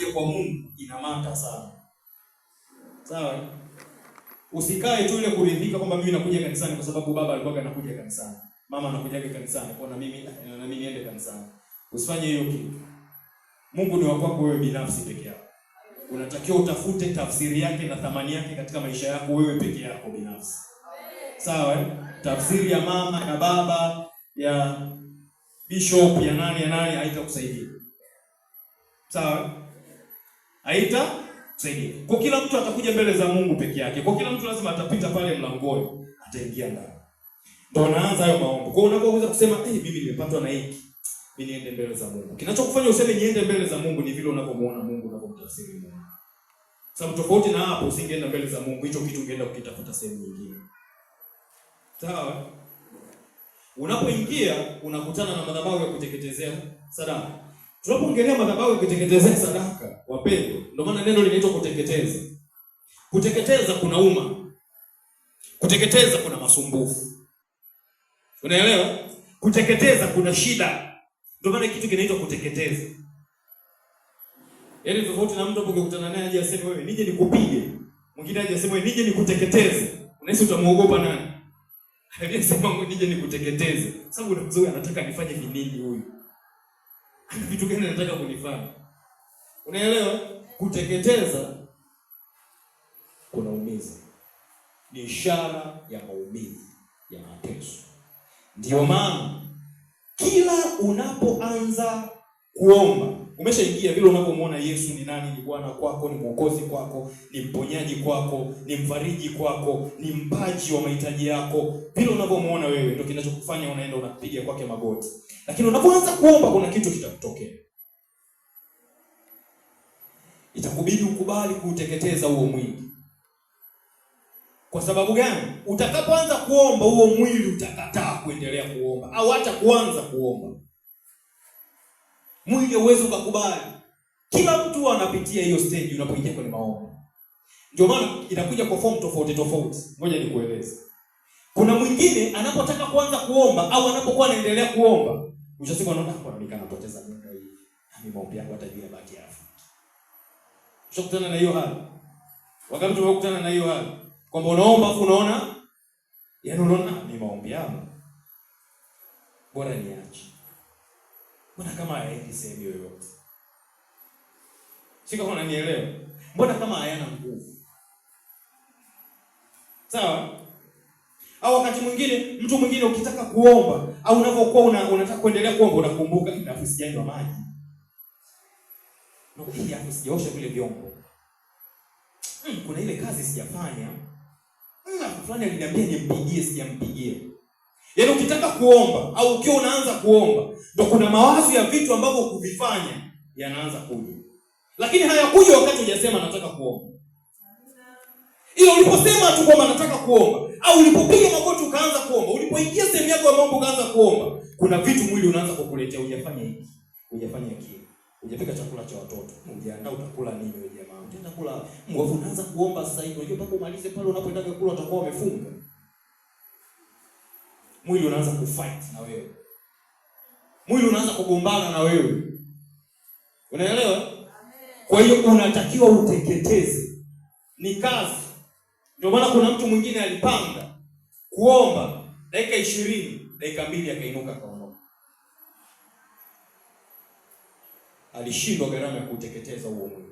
yake kwa Mungu inamata sana. Sawa? Usikae tu ile kuridhika kwamba mimi nakuja kanisani kwa sababu baba alikuwa anakuja kanisani. Mama anakuja kanisani kwa na mimi eh, na mimi niende kanisani. Usifanye hiyo kitu. Mungu ni wako wewe binafsi peke yako. Unatakiwa utafute tafsiri yake na thamani yake katika maisha yako wewe peke yako binafsi. Sawa? Eh? Tafsiri ya mama na baba ya bishop ya nani ya nani haitakusaidia. Sawa? Eh? haitasaidia. Kwa kila mtu atakuja mbele za Mungu peke yake. Kwa kila mtu lazima atapita pale mlangoni, ataingia ndani. Ndio naanza hayo maombi. Kwa unapoweza kusema eh, hey, mimi nimepatwa na hiki, mimi niende mbele za Mungu. Kinachokufanya useme niende mbele za Mungu ni vile unapomuona Mungu, na kumtafsiri Mungu. Sababu tofauti na hapo usingeenda mbele za Mungu, hicho kitu ungeenda kukitafuta sehemu nyingine. Sawa? Unapoingia unakutana na madhabahu ya kuteketezea sadaka. Tunapoongelea madhabahu kuteketezea sadaka, wapendwa, ndio maana neno linaitwa kuteketeza. Kuteketeza kuna uma, kuteketeza kuna masumbufu, unaelewa? Kuteketeza kuna shida, ndio maana kitu kinaitwa kuteketeza. Yaani tofauti na mtu ukikutana naye aje aseme wewe nije nikupige, mwingine aje aseme wewe nije nikuteketeze, unahisi utamuogopa nani? Aliyesema nije nikuteketeze, sababu unamzoea, anataka nifanye nini huyu vitu gani nataka kunifanya? Unaelewa, kuteketeza kunaumiza, ni ishara ya maumivu ya mateso. Ndiyo maana kila unapoanza kuomba umeshaingia vile unavyomwona Yesu ni nani, ni Bwana kwako, ni mwokozi kwako, ni mponyaji kwako, ni mfariji kwako, ni mpaji wa mahitaji yako. Vile unavyomwona wewe ndio kinachokufanya unaenda unapiga kwake magoti, lakini unapoanza kuomba kuna kitu kitakutokea, itakubidi ukubali kuuteketeza huo mwili. Kwa sababu gani? Utakapoanza kuomba huo mwili utakataa kuendelea kuomba au hata kuanza kuomba mwili uweze ukakubali. Kila mtu anapitia hiyo stage unapoingia kwenye maombi, ndio maana inakuja kwa form tofauti tofauti. Ngoja nikueleze, kuna mwingine anapotaka kuanza kuomba au anapokuwa anaendelea kuomba, ushasiku anaona ah, nini kanapoteza muda hii, mimi maombi yangu hata juu ya baki afu Ushakutana na hiyo hali? Wakati tumekutana na hiyo hali kwamba unaomba afu unaona, yaani unaona ah, mimi maombi yangu bora niache Mbona kama hayaendi sehemu yoyote? Sio kama unanielewa? Mbona kama hayana nguvu? Sawa? Au wakati mwingine mtu mwingine ukitaka kuomba au unapokuwa una, unataka kuendelea kuomba unakumbuka alafu sijanywa maji. Nakuja hapo sijaosha vile vyombo. Hmm, kuna ile kazi sijafanya. Hmm, fulani aliniambia nimpigie sijampigie Yaani ukitaka kuomba au ukiwa unaanza kuomba, ndio kuna mawazo ya vitu ambavyo kuvifanya yanaanza kuja, lakini hayakuja wakati hujasema nataka kuomba. Ila uliposema tu kwamba nataka kuomba, au ulipopiga magoti ukaanza kuomba, ulipoingia sehemu yako ya mambo ukaanza kuomba, kuna vitu mwili unaanza kukuletea. Hujafanya hiki, hujafanya kile, hujapika chakula cha watoto, hujaandaa utakula nini? Wewe jamaa, utaenda kula mgovu, unaanza kuomba sasa hivi, unajua mpaka umalize pale unapoenda kula utakuwa umefunga mwili unaanza kufight na wewe, mwili unaanza kugombana na wewe, unaelewa? Kwa hiyo unatakiwa uteketeze, ni kazi. Ndio maana kuna mtu mwingine alipanga kuomba dakika ishirini, dakika mbili akainuka kaondoka alishindwa gharama ya kuteketeza huo mwili,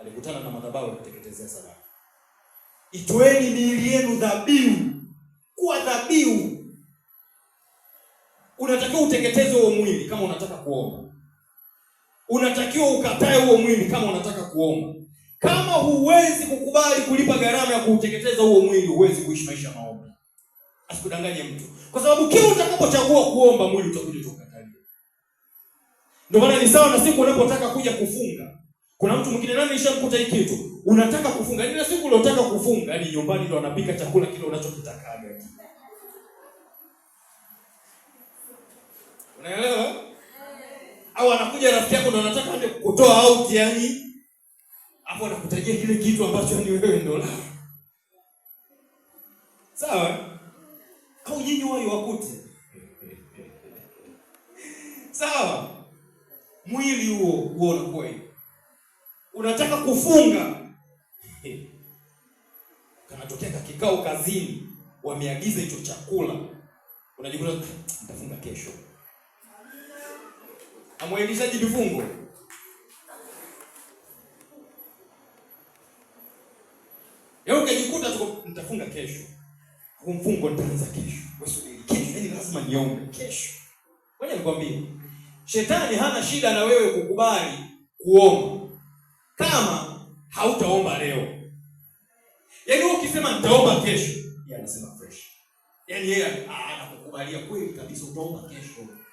alikutana na madhabahu ya kuteketezea sadaka. Itoeni miili yenu dhabihu kuwa dhabihu unatakiwa uteketeze huo mwili kama unataka kuomba, unatakiwa ukatae huo mwili kama unataka kuomba. Kama huwezi kukubali kulipa gharama ya kuuteketeza huo mwili, huwezi kuishi maisha maombi. Asikudanganye mtu, kwa sababu kila utakapochagua kuomba, mwili utakuja tukatalia. Ndio maana ni sawa na siku unapotaka kuja kufunga. Kuna mtu mwingine nani ishamkuta hii kitu, unataka kufunga, ni na siku uliotaka kufunga, yaani nyumbani ndio anapika chakula kile unachokitakaga. Unaelewa? Au anakuja rafiki yako ndo anataka aje kukutoa au yani. Hapo anakutajia kile kitu ambacho ni wewe ndo la. Sawa? Au nyinyi wao wakute. Sawa? Mwili huo huo unakuwa hivi. Unataka kufunga. Kanatokea ka kikao kazini, wameagiza hicho chakula. Unajikuta ah, nitafunga kesho amwelezaji vifungo Leo ukijikuta tuko nitafunga kesho. Huu mfungo nitaanza kesho. Wewe kesho yani lazima niombe kesho. wewe nikwambie. Shetani hana shida na wewe kukubali kuomba. Kama hautaomba leo. Yaani ukisema nitaomba kesho, yeye anasema fresh. Yaani yeye anakukubalia kweli kabisa utaomba kesho.